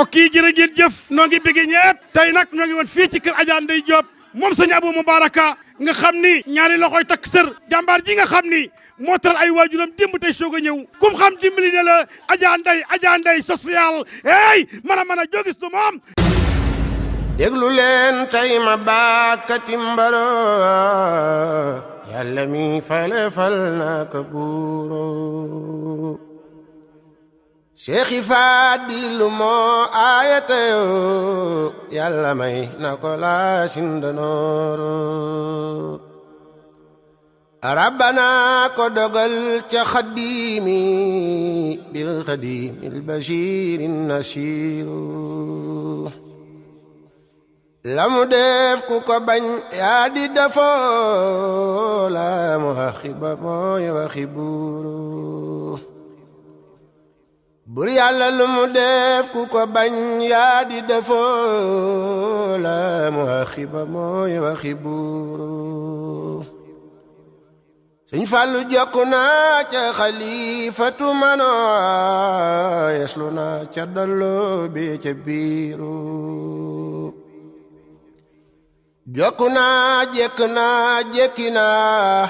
mbokk yi jërë ngeen jëf noo ngi bëgg ñëpp tey nag ñoo ngi woon fii ci kër Adja Ndeye moom sëñ Abou Moubaraka nga xam ni ñaari loxoy takk sër jàmbaar ji nga xam ni moo taral ay waajuram démb tey soog a ñëw kum xam dimbali ne la Adja Ndeye Adja hey mën a mën a moom déglu leen tey ma baakati mbaro yàlla mi fale fal naa Cheikh Fadilu moo aayatayoo yàlla may na ko rabbana ko dogal ca xaddiimi bil xaddiimi al bashiiri nasiiru lamu def ku ko bañ yaa di dafoo la mu axiba mooy waxibuuru bur yàlla lu mu def ku ko bañ yaa di defoo mu waxi ba mooy waxi buuru jokk naa ca xalifatu manoo yeslu naa ca dalloo bi ca biiru jokk naa jekk naa jekki naa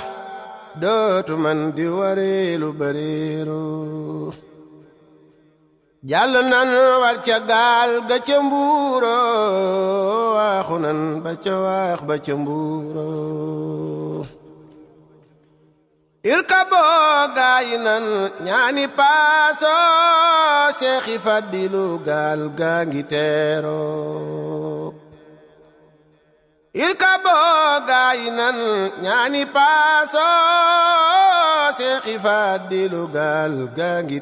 dootu di waree lu jàll nan war ca gaal ga ca mbuuro nan ba ca waax ba ca mbuuro irkaboo gaayi nan ñaani paaso seexi faddilu gaal gaa ngi teeroo irkabo gaayi nan ñaani paaso seexi fàddilu gaal gaa ngi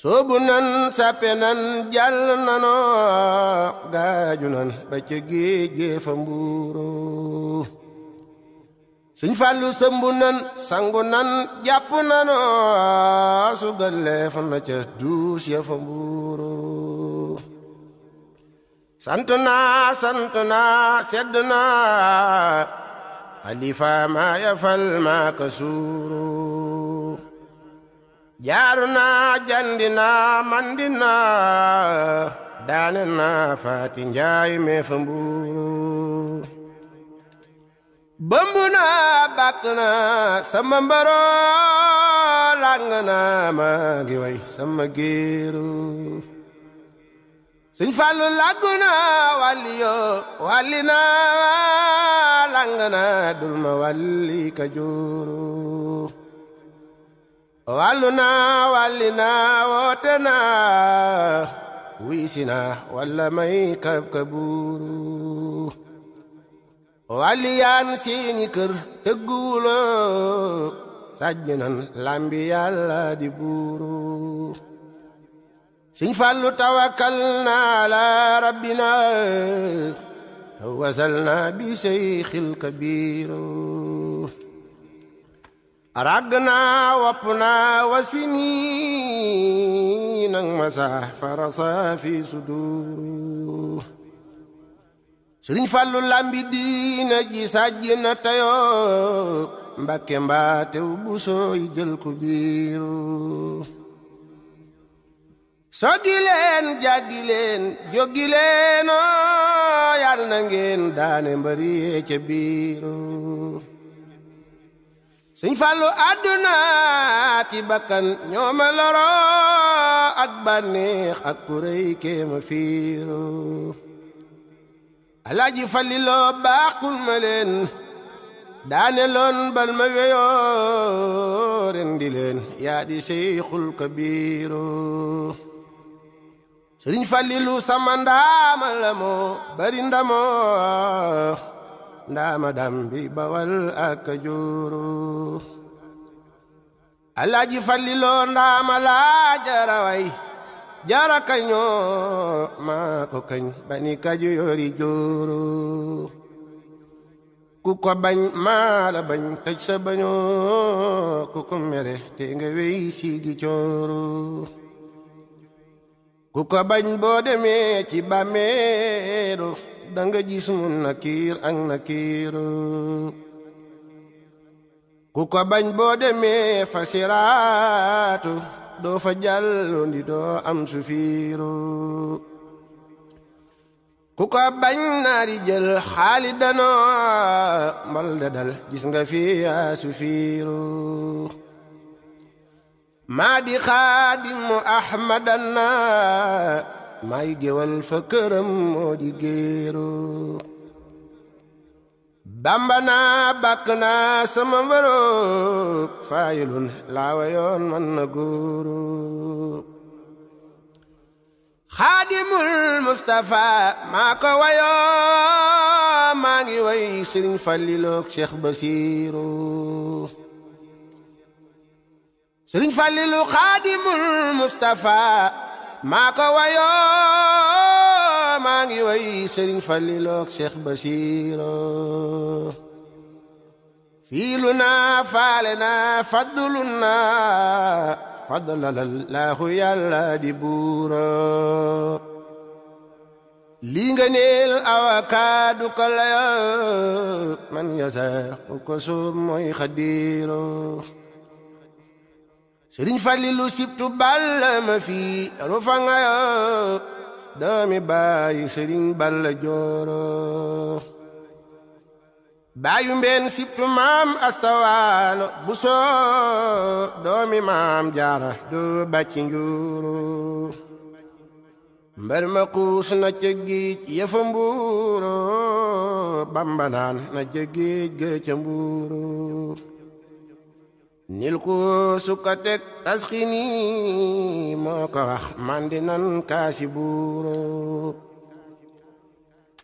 soobu nan sappe nan jàll nanoo gaaju nan ba ca géej géefa mbuuroo sëñ fàllu sëmbu nan sangu nan jàpp nanoo sugal leef na ca duus ya fa mbuuroo sant naa sant naa sedd naa xalifa maa yafal maa suuru jaaru naa jandi naa mandi naa daane naa faati njaay mee fa mbuuru bëmb naa bàkk naa sama mbaro lang naa maa ngi way sama géeru sëñ Fallu làggu na wàlli yoo na lang na dul ma wàlli ka juuru wàllu na wàlli na woote na na walla may kab ka buuru wàlli kër tëgguwuloo sajj lambi yàlla di buuru sëñ Fallu tawakkalna ala rabbina wasalna bi seyxil kabir ragna wapna wasfini nang masa farasa fi sudur sëriñ Fallu lambi diina ji sajj na tayo mbakke mbaate bu sooy jël soggi leen jàggi leen jóggi oh, ngeen daane mbëri yee ca biiru sëñ fàllu àdduna ci bakkan ñoo ma loroo ak bànneex ak kuréy kéema fiiru alaaji falliloo baaxul ma daane loon bal ma weyoo ren di leen yaa di seyxul sëriñ Falilu sama ndaama la moo bari ndamoo ndaama dam bi bawal ak juuru alaaji Faliloo ndaama laa jaraway jara kañoo maa ko kañ bani kaju yori ku ko bañ maa la bañ toj sa bañoo ku ko mere te nga wey siigi cooru ku ko bañ boo demee ci bàmmeeru da nga gis mu nakiir ak nakiiru ku ko bañ boo demee fa siraatu doo fa jàllu ndi doo am sufiiru ku ko bañ naari jël xaali danoo mbal da dal gis nga fi yaa sufiiru maa di xaadimu ahmadana maay géwal fa këram moo di géeru bamba naa bàkk naa sama mbërëb faayilun laawa yoon man na maa ko wayoo maa ngi way sëriñ Fallilook Cheikh Basiiru sëriñ Fàllilu xaadimul Mustafa maa ko wayoo maa ngi way sëriñ Fàllilu ak Cheikh Basiro fiilu naa faale naa faddulu naa faddalallahu yàlla di buuro lii nga neel awakaadu ko man yasa ko soob mooy xadiiro sëriñ Falilu sibtu Balla ma fii rufa nga yoo doomi baayu sëriñ Balla jooro baayu mbeen sibtu maam astawaalo bu soo doomi maam jaara du bàcci njuuro mbër ma na ca géej yëfa mbuuro bambanaan na ca géej ga nil ko sukka teg tasxini moo ko wax man di nan kaasi buuro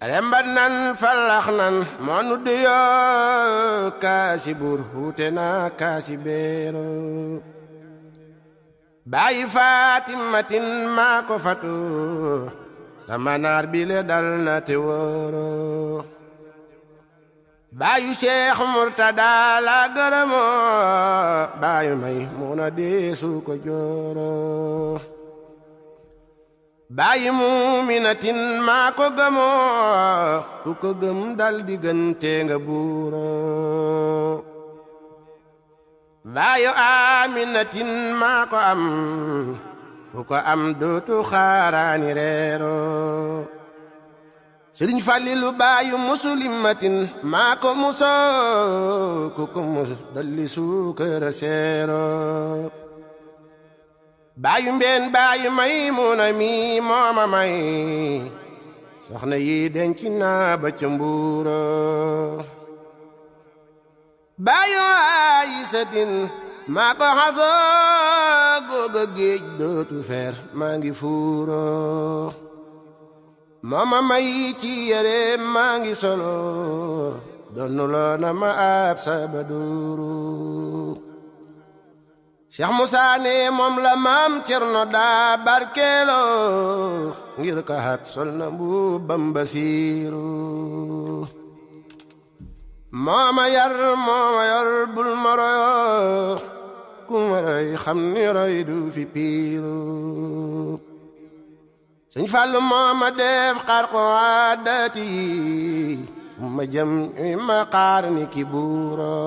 rembat nan fallax nan moo nu duyoo kaasi buur wuute na kaasi beero baayi faatimatin maa ko fatu sama naar bi le dal na te wóoro baayu Cheikh Murtada la gërëmoo baayu may mun deesu ko jooro baayu muuminatin maa ko ku ko gëm dal diggante nga buuro baayu aaminatin maa am ku ko am dootu xaaraani reero sëriñ Falilu baayu muslimatin maa ko musoo ko mus dolli suukara seeroo baayu mbeen baayu may muuna mi mooma may soxna yi denc naa ba ca mbuuroo baayu aayisatin maa ko xasoo googa géej dootu feer maa ngi fuuroo mama may ci yére ngi solo donnu loo na ma ab sabaduuru Cheikh Moussa ne moom la maam Cerno daa barkeeloo ngir ka hat sol na bu bambasiiru mooma yar mooma yor bul ma royo ku ma roy xam ni roy du fi piiru sëñ Fallu moo ma def xarqu aadati yi summa jam ma xaar ki buuro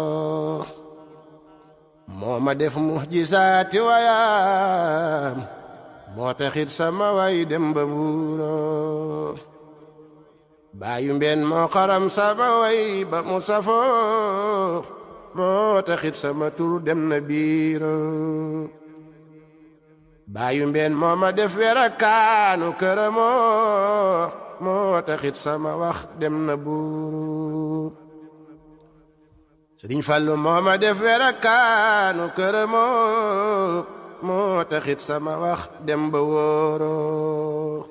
moo ma def muxjisaati wayaam moo taxit sama way dem ba buuro baayu mbeen moo xaram sama way ba mu safoo moo taxit sama tur dem na biiro baayu mbeen moo ma def werakaanu këramoo moo taxit sama wax dem na buuru Sëriñ Fallu moo ma def werakaanu këramoo moo taxit sama wax dem ba wóoroo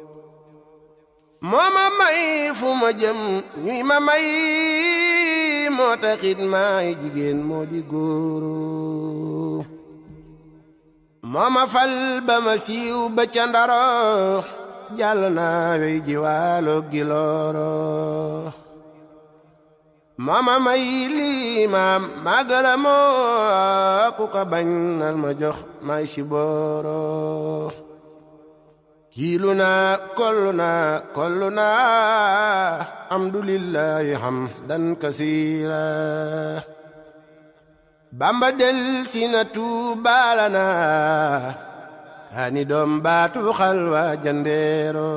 moo ma may fu ma jëm ñuy ma may moo taxit maay jigéen moo di góoru mooma fal ba ma siiw ba ca ndaro jàll naa wey jiwaalo gilooro mooma may lii maam maa gërëmoo ku ko bañ nal ma jox may si booro kiilu naa kollu naa kollu naa alhamdulillahi hamdan kasiira bamba del si na tuubaala na kaani doom baatu xalwa jandeero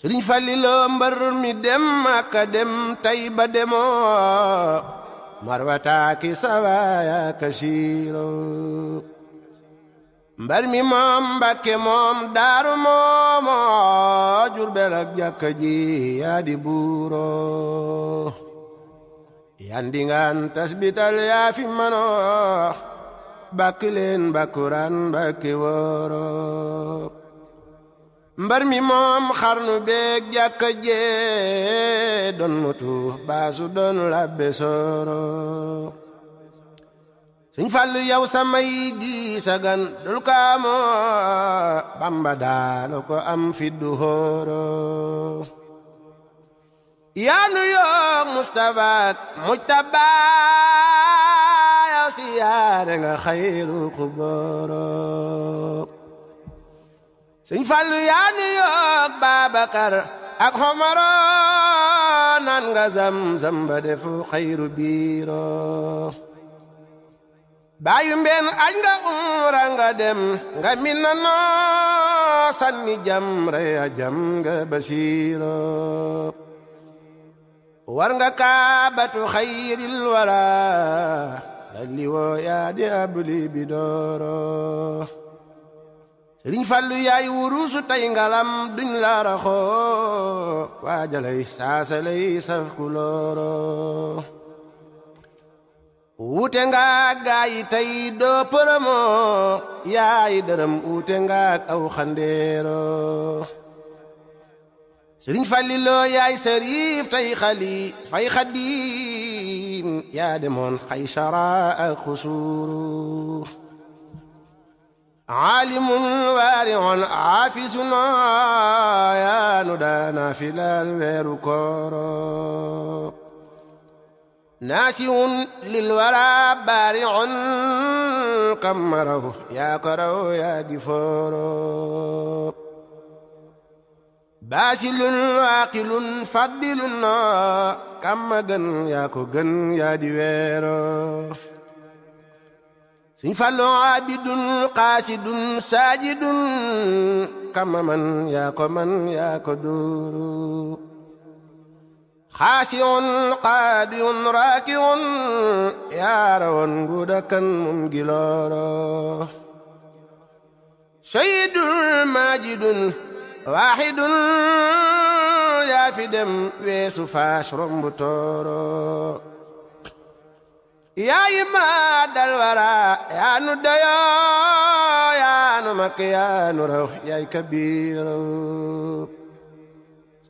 sëriñ falliloo mbër mi dem maka dem tay ba demoo marwataaki sawaaya kasiiro mbër mi moom mbakke moom daaru moomo jurbel ak jàkka ji yaa di buuro yandingaan tasbital yaa fi manoo bàkk leen bàkkuraan bàkke wooro mbar mi moom xarnu beeg jàkka jee doon mutu baasu doon labbe sooro suñ fàllu yow samay ji sagan dul kaamo bamba daalo ko am fiddu hooro yaanu mustabaat mujtabaa ya siyaare nga xayru xubooro ak xomoro naan nga zam-zam ba xayru biiro baayu mbeen aj nga umra nga dem nga min na sanni jam reya jam nga basiiro war nga kaabatu xayril wara dalli woo yaa di abli bi sëriñ fàllu yaay wuruusu tey ngalam duñ la raxoo waajalay saasalay saf ku looro wuute nga gaayi tey doo përëmoo yaay dërëm wuute nga aw xandeero sëriñ fàlliloo yaay sëriif tey xali fay xadim yaa demoon xaysara ak xusuuru aalimun waariun aafisuna yaa nu daana filal weeru kooro lil wara baariun kammarahu yaa ko raw yaa di baasilun waaqilun faddilun na kàmma gën yaa gën yaa di weeroo siñ fallu abidun xaasidun saajidun kàmma man yaa ko man yaa ko dóoru xaasiun qaadiun raakiun mum gilooro sayidun maajidun waaxidun yaa fi dem weesu faas romb tooro yaa yi ma wara yaa nu dayoo yaa nu makk yaa nu raw yaay kabiiraw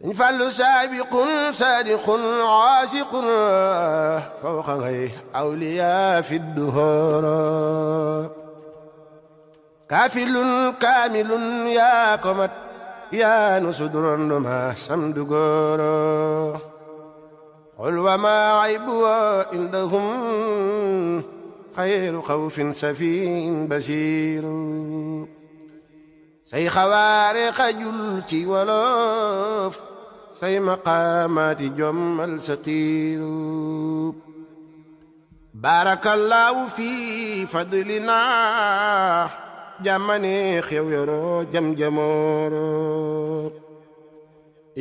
suñ fàllu saabiqun saadiqun aasiqun fawqa ngay awliyaa fi duhooro kaafilun kaamilun yaa ko yaa nu sudurandum haa samdu gooro qul wa maa aybuwa indahum xayru xawfin safiin basiiru say xawaare xajul ci wolof say maqaamaati jommal saqiiru baarakallaahu fi fadlinaa jàmmane xew yoroo jam jamooro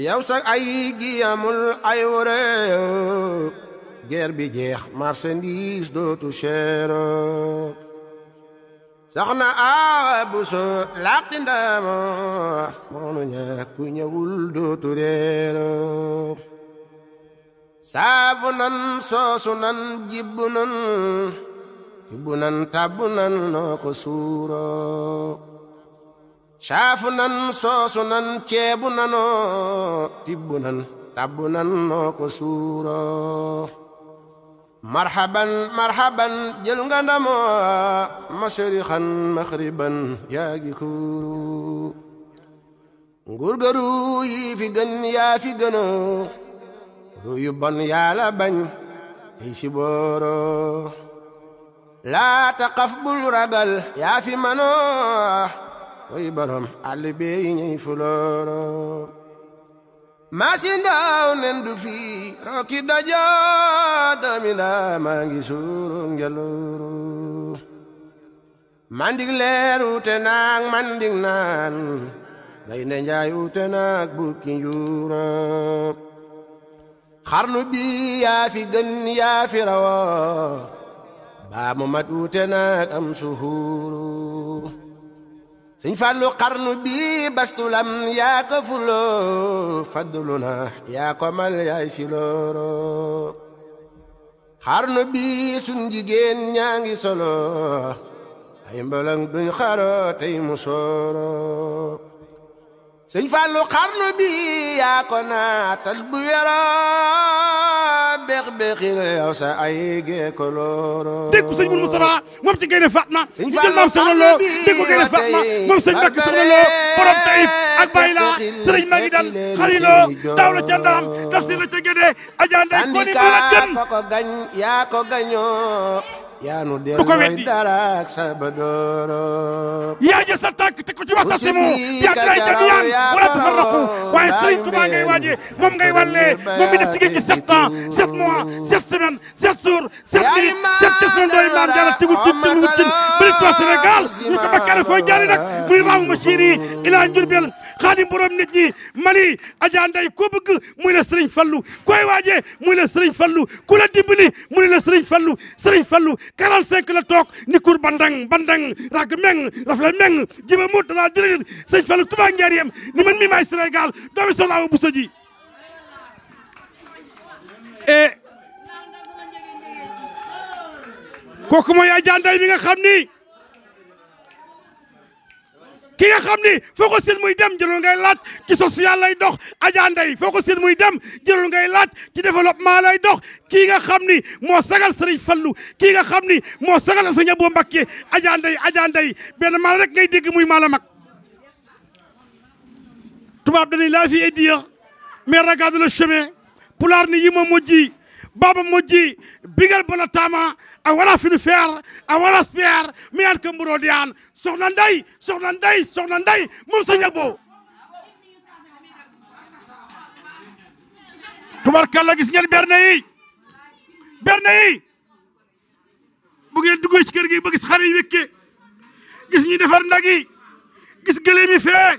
yow sax ay gi amul ay wore guerre bi jeex marchandise dootu seero soxna abu so laqi ndama moonu ña ñëwul dootu reero saafu nan soosu nan tibbu nan tabbu nan noo ko suuroo caafu nan soosu nan ceebu nanoo tibbu nan tabbu nan noo ko suuroo marhaban marhaban jël nga ndamoo masarixan maxriban yaa gi kuuru ngurgaru yi fi gën yaa fi gënoo ru yu bon yàlla bañ ay si laa taqaf bul ragal yaa fi manoo way borom bee yi fulooro maasi nen du fi roki dajo doomi ndaa maa ngi suuru ngelooro mandig leer uute naag naan gaynde njaay uute naag bukki njuuro xarnu bi yaa fi gën yaa fi rawo baa mu mat wuute naag am suhuuru sëñ Fallu xarnu bii bastulam yaa ko fuloo faddulu na yaa mal yaay si xarnu bii sun jigéen ñaa ngi solo ay mbalang duñ xaro tey mu sooro xarnu bii yaa ko naatal bu neex bexil yow sa ay moom ci Gaynde Fatma ñu jël maam soxna loo dégg ko moom sëñ Mbàkke soxna loo borom Taïf ak Baye Laa sëriñ dal xariloo daaw la ca ndaam la ca Gédé ajaan day ko yaa ko gañoo yaanu del mooy dara ak sa badoro yaa jël sa tànk te ko ci waxta simu yaa dilay jamiyan wala tafarraqu waaye Sëriñ Tuubaa ngay waajee moom ngay wallee moom mi def ci géej gi sept ans sept mois sept semaines sept jours sept nuits sept personnes dooy maam jaara tigu tin tin tin bëri toi Sénégal ñu ko bakkale fooy jaari nag muy raamu ma chéri ilaa Njurbel xaadim borom nit ñi Mali Adja Ndeye ko bëgg muy la Sëriñ Fallu koy waajee muy la Sëriñ Fallu ku la dimbali muy la Sëriñ Fallu Sëriñ Fallu 45 la toog ni kur bandang bandang rag meng rafle meng jiba mut dana dirigit sëñ Fallou Touba Njaariyam ni man mi maay Sénégal doomi soxna Awa Bousso ji e kooku mooy Adja Ndeye mi nga xam ni ki nga xam ni foo ko seen muy dem jëlul ngay laaj ci social lay dox Adja Ndeye foo ko seen muy dem jëlul ngay laaj ci développement lay dox kii nga xam ni moo sagal Serigne Fallou kii nga xam ni moo sagal Serigne Abou Mbacké Adja Ndeye Adja Ndeye benn maal rek ngay dégg muy maala mag tubaab dañuy laa fi ay diir mais regarde le chemin pulaar ni yi moom moo ji baba moƴƴi bigal bona tama a waɗa fini feere a waɗa spéare mi yan ke mburoɗi an sohna nday sohna nday sohna nday mum sañal bo tubarkalla gis ngeen berne yi berne yi bu ngeen duggee ci kër gi ba gis xar gis ñu defar ndagi gis gëleemi fee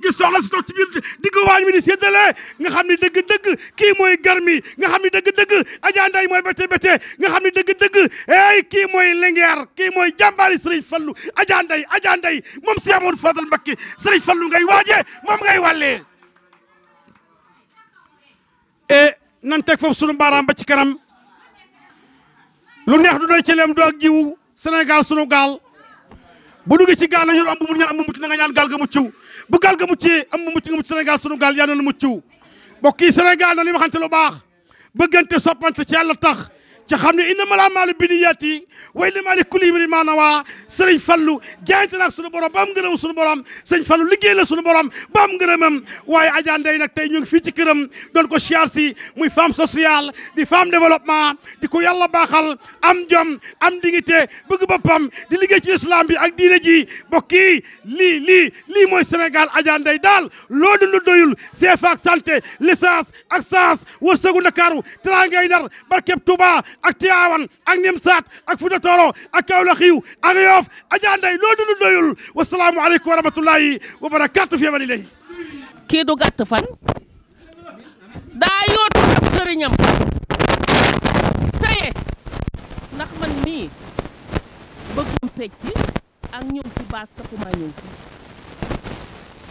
ngi soxla si toog ci biir diggu waañ mi di séddale nga xam ni dëgg-dëgg kii mooy garmi nga xam ni dëgg-dëgg Adja Nday mooy bété bété nga xam ni dëgg-dëgg ey kii mooy lingeer kii mooy jàmbaari Sëriñ Fallu Adja Nday Adja Nday moom si amoon Fadal Mbakki Sëriñ Fallu ngay waaje moom ngay wàllee e eh, nan teg foofu sunu baaraam ba ci kanam lu neex du doy ci leem do ak jiwu Sénégal sunu gaal bu duggee ci gaal la ñu am bu mu ñaan am mu mucc na nga ñaan gaal ga mucc bu gaal ga muccee am mu mucc nga mucc Sénégal sunu gaal yaa noonu mucc mbokk yi Sénégal na li ma xamante lu baax bëggante soppante ci yàlla tax ca xam ne inna malaa maalu bi niyyati wa inna maali kulli imrin maa nawaa fallu jaayante naag sunu borom ba am ngërëm sunu borom sëriñ fallu liggéey la sunu borom ba am ngërëmam waaye Adja Ndeye nag tey ñu ngi fii ci këram doon ko siyaar si muy femme sociale di femme développement di ko yàlla baaxal am jom am dignité bëgg boppam di liggéey ci islam bi ak diine ji bokk lii lii lii mooy Sénégal Adja Ndeye daal loo dund doyul CFA ak santé licence ak sens wërsëgu Ndakaaru teraangay Ndar ak Tiwaawan ak Nimsaat ak Fuuta ak Kawlax xiiw ak Yoof Adja Ndeye loo dund doyul wasalaamu aleykum wa rahmatullahi wa barakaatu fi man ilayhi kii du gàtt fan daa yootu ak sëriñam teye ndax man nii bëggum pecc ak ñëw ci baas taxumaa ñëw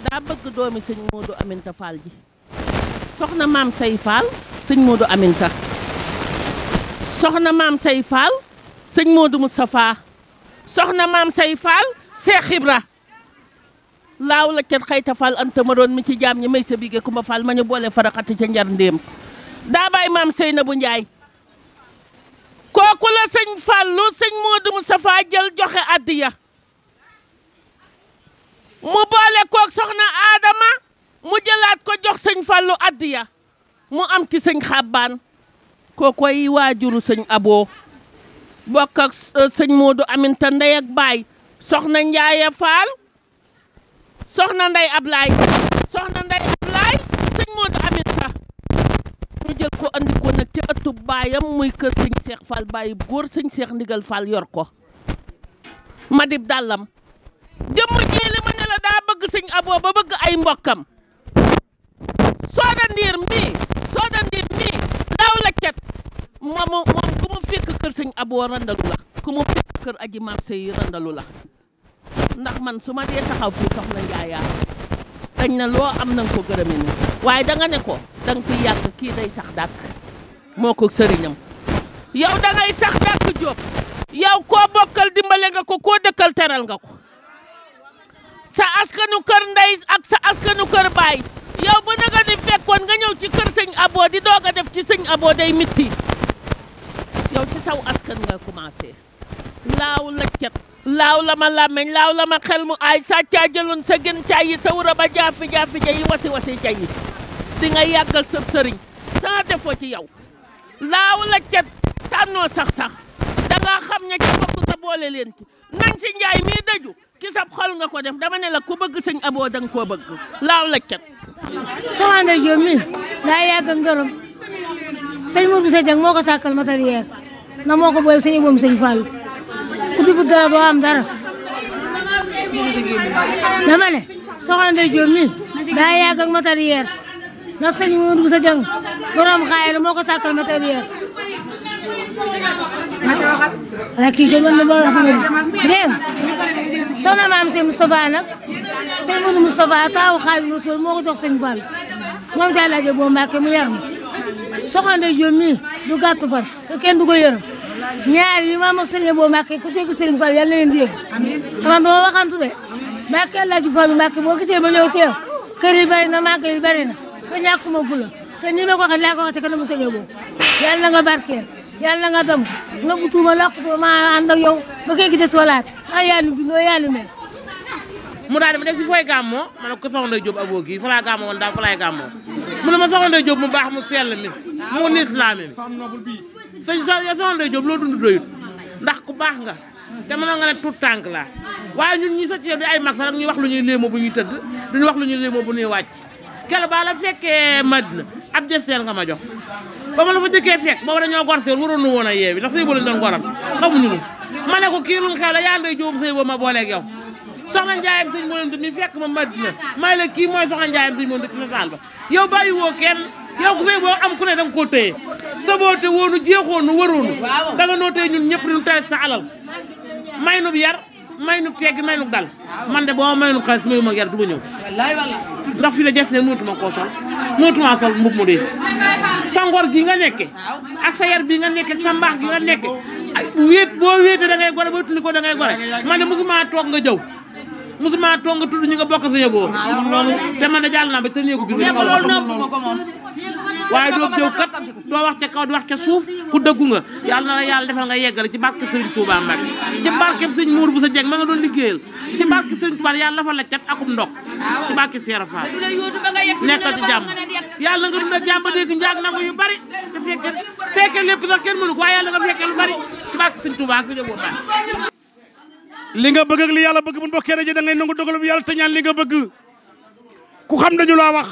daa bëgg doomi sëñ Modou Aminta Fall ji soxna maam say Fall sëñ Modou Aminta soxna maam say faal sëñ Modou Moustapha soxna maam say faal Seex laaw la ca xayta faal anta ma doon mi ci jaam ñi may sa bige ku ma faal ma ñu boole faraxati ca njar ndéem daa bàyyi maam Seynabu Njaay kooku la sëñ Fallou sëñ Modou Moustapha jël joxe addiya mu boole kook soxna Adama mu jëlaat ko jox sëñ Fallou addiya mu am ci sëñ Xabbaan kookoy waajuru sëñ aboo bokk ak eh, sëñ Moodu Aminta ndey ak baay soxna Njaaye Faal soxna nday Ablaay soxna nday Ablaay sëñ Moodu Aminta ñu jël ko andi ko nag ci ëttu baayam muy kër sëñ Seex Faal baayu góor sëñ Seex Ndigal Faal yor ko madib dàllam jëmm jii li ma ne la daa bëgg sëñ aboo ba bëgg ay mbokkam sooda ndiir mii moom moom ku mu fekk kër sëñ aboo randalu la ku mu fekk kër aji marché randalu la ndax man su ma dee taxaw fii soxna njaayaa dañ na loo am na nga ko gërëme ni waaye danga ne ko da fi yàgg kii day sax dàkk moo ko sëriñam yow da sax dàkk jóob yow koo bokkal dimbale nga ko koo dëkkal teral nga ko sa askanu kër ndey ak sa askanu kër baay yow bu na ni fekkoon nga ñëw ci kër sëñ aboo di doog a def ci sëñ aboo day mitti yow ci saw askan nga commencé laaw la cet laaw la ma làmmeñ laaw la ma xel mu aay sàccaa jëloon sa gën caay yi sa wura ba jaafi jaafi ja yi wasi wasi ja yi nga yàggal sëb sëriñ saa defoo ci yow laaw la cet tànnoo sax sax da xam ne ca bokk sa boole leen ci nañ si njaay mii daju ki xol nga ko def dama ne la ku bëgg sëñ aboo da nga koo bëgg laaw la cet soxna Diop mi daa yàgg ngërëm sëñ Mourou Bousso Dieng moo ko sàkkal matériel na moo ko boole sëñ Ibom sëñ Fall ku di dara doo am dara dama ne soxna Ndeye Diop mi daa yàgg ak matériel ndax sëñ Modou Bousso Dieng borom xaayal moo ko sàkkal matériel wala kii de man de ma wax dégg nga soxna maam sëñ Moustapha nag sëñ Modou Moustapha taawu moo ko jox sëñ Fall moom ca laajee boo Mbàkke mu yar ma soxna Ndeye Diop du gàttu far te kenn du ko yërëm ñaar yi ma mag sëriñ boo Mbàkke ku dégg sëriñ Fall yàlla na leen di yëg xanaa dama waxantu de Mbàkke El Hadj Fall moo boo gisee ma ñëw teew kër yi bari na Mbàkke yi bari na te ñàkkuma fula te ñi ma ko waxee laa ko wax si kanamu sëriñ boo yàlla na nga barkeel yàlla na nga dem na bu tuuma laqutuma ma ànd yow ba koy gis walaat maa yaa nu bindoo yaa nu mu daal di ma def si fooy gàmmoo ma ne ko soxna Ndeye Diop aboo gi fa laa gàmmoo woon daal fa laay gàmmoo ma soxna Ndeye Diop mu baax mu sell mi mu sëñ soxna Ndeye Diop loo dund doyut ndax ku baax nga te mënoo nga ne tout tànk laa waaye ñun ñi sa ci yow ay mag sax rek ñuy wax lu ñuy léemoo bu ñuy tëdd duñu wax lu ñuy léemoo bu ñuy wàcc kele ba la fekkee Madina ab desteen nga ma jox ba ma la fa jëkkee fekk booba dañoo gor woon waroon nu woon a yeewi ndax sëy bo lañ doon goram xamuñu nu ma ne ko kii lu xew la yaa Ndeye Diop sëy bo ma booleeg yow soxna njaayam sëñ moom di mi fekk ma Madina may la kii mooy soxna njaayam sëñ moom di ci sa saal ba yow bàyyi woo yow ku say boo am ku ne danga koo téye saboote woonu jeexoonu waroonu danga noo téye ñun ñëpp di nu taye sa alal may nu yar may nu tegg may nu dal man de boo may nu xaalis mayu ma yar du ma ñëw ndax fi ne des ne mënatuma koo sol mënatuma sol mbub mu dee sangoor ngor gi nga nekke ak sa yar bi nga nekke ak sa mbaax gi nga nekke wéet boo wéetee da ngay gore boo tuli ko da ngay gore man de mosuma toog nga jaw musuma toog nga tudd ñu nga bokk sa yëboo ah, te man da jàll naa ba sa néegu biir waaye doo jëw kat doo wax ca kaw suuf ku dëggu nga yàlla na la yàlla defal nga yeggale ci barke Serigne Touba Mbacke ci barke bu sa jeeg ma nga doon liggéeyal ci barke Serigne Touba yàlla dafa la cat akum ndok ci barke Serigne Fall nekkal ci jàmm yàlla nga dund ak jàmm ba dégg njaag nangu yu bari te fekke fekke lépp sax kenn mënu ko waaye yàlla nga fekke li nga bëgg ak li yàlla bëgg bu ñu bokkee rajo da ngay nangu dogal bu yàlla te ñaan li nga bëgg ku xam dañu la wax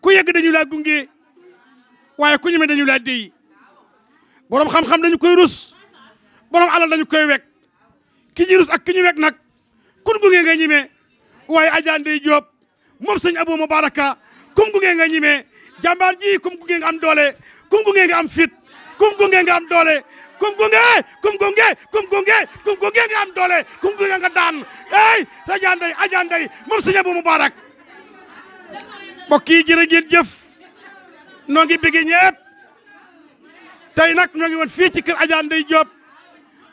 ku yegg dañu laa gunge waaye ku ñeme dañu laa déy borom xam-xam dañu koy rus borom alal dañu koy wek ki ñuy rus ak ki ñu wek nag kun gunge nga ñime waaye Adja Ndeye Diop moom sëñ Abou Mubaraka kum gunge nga ñime jàmbaar ji kum gunge nga am doole kum gunge nga am fit kum gunge nga am doole kum gunge kum gunge kum gunge kum gunge nga am doole kum gunge nga daan ey sa janday a janday moom sëñ bu Mubarak mbokk yi jërë jëf noo ngi bëgg ñëpp tey nag ñoo ngi woon fii ci kër Adja Ndeye Diop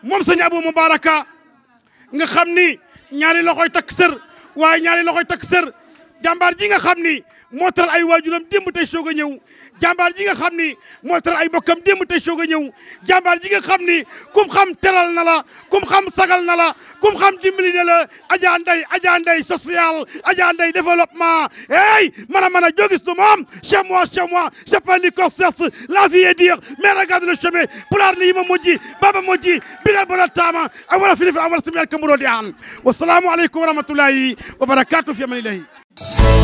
moom sëñ Abou Moubaraka nga xam ni ñaari loxoy takk sër waaye ñaari loxoy takk sër jàmbaar ji nga xam ni moo ay ay waajuram démb tey soog a ñëw jàmbaar ji nga xam ni moo ay bokkam démb tey soog a ñëw jàmbaar ji nga xam ni kum xam teral na la kum xam sagal na la kum xam dimbali na la Adja Ndeye Adja Ndeye social Adja Ndeye développement hey man a man a jogis du moom chez moi chez moi a pas le la vie est dure mais regarde le chemin pulaar ni yima moƴƴi baba moƴƴi bilal bona tama a wona filifa a wona simiyal kamburodi an wassalamu aleykum wa rahmatullahi wa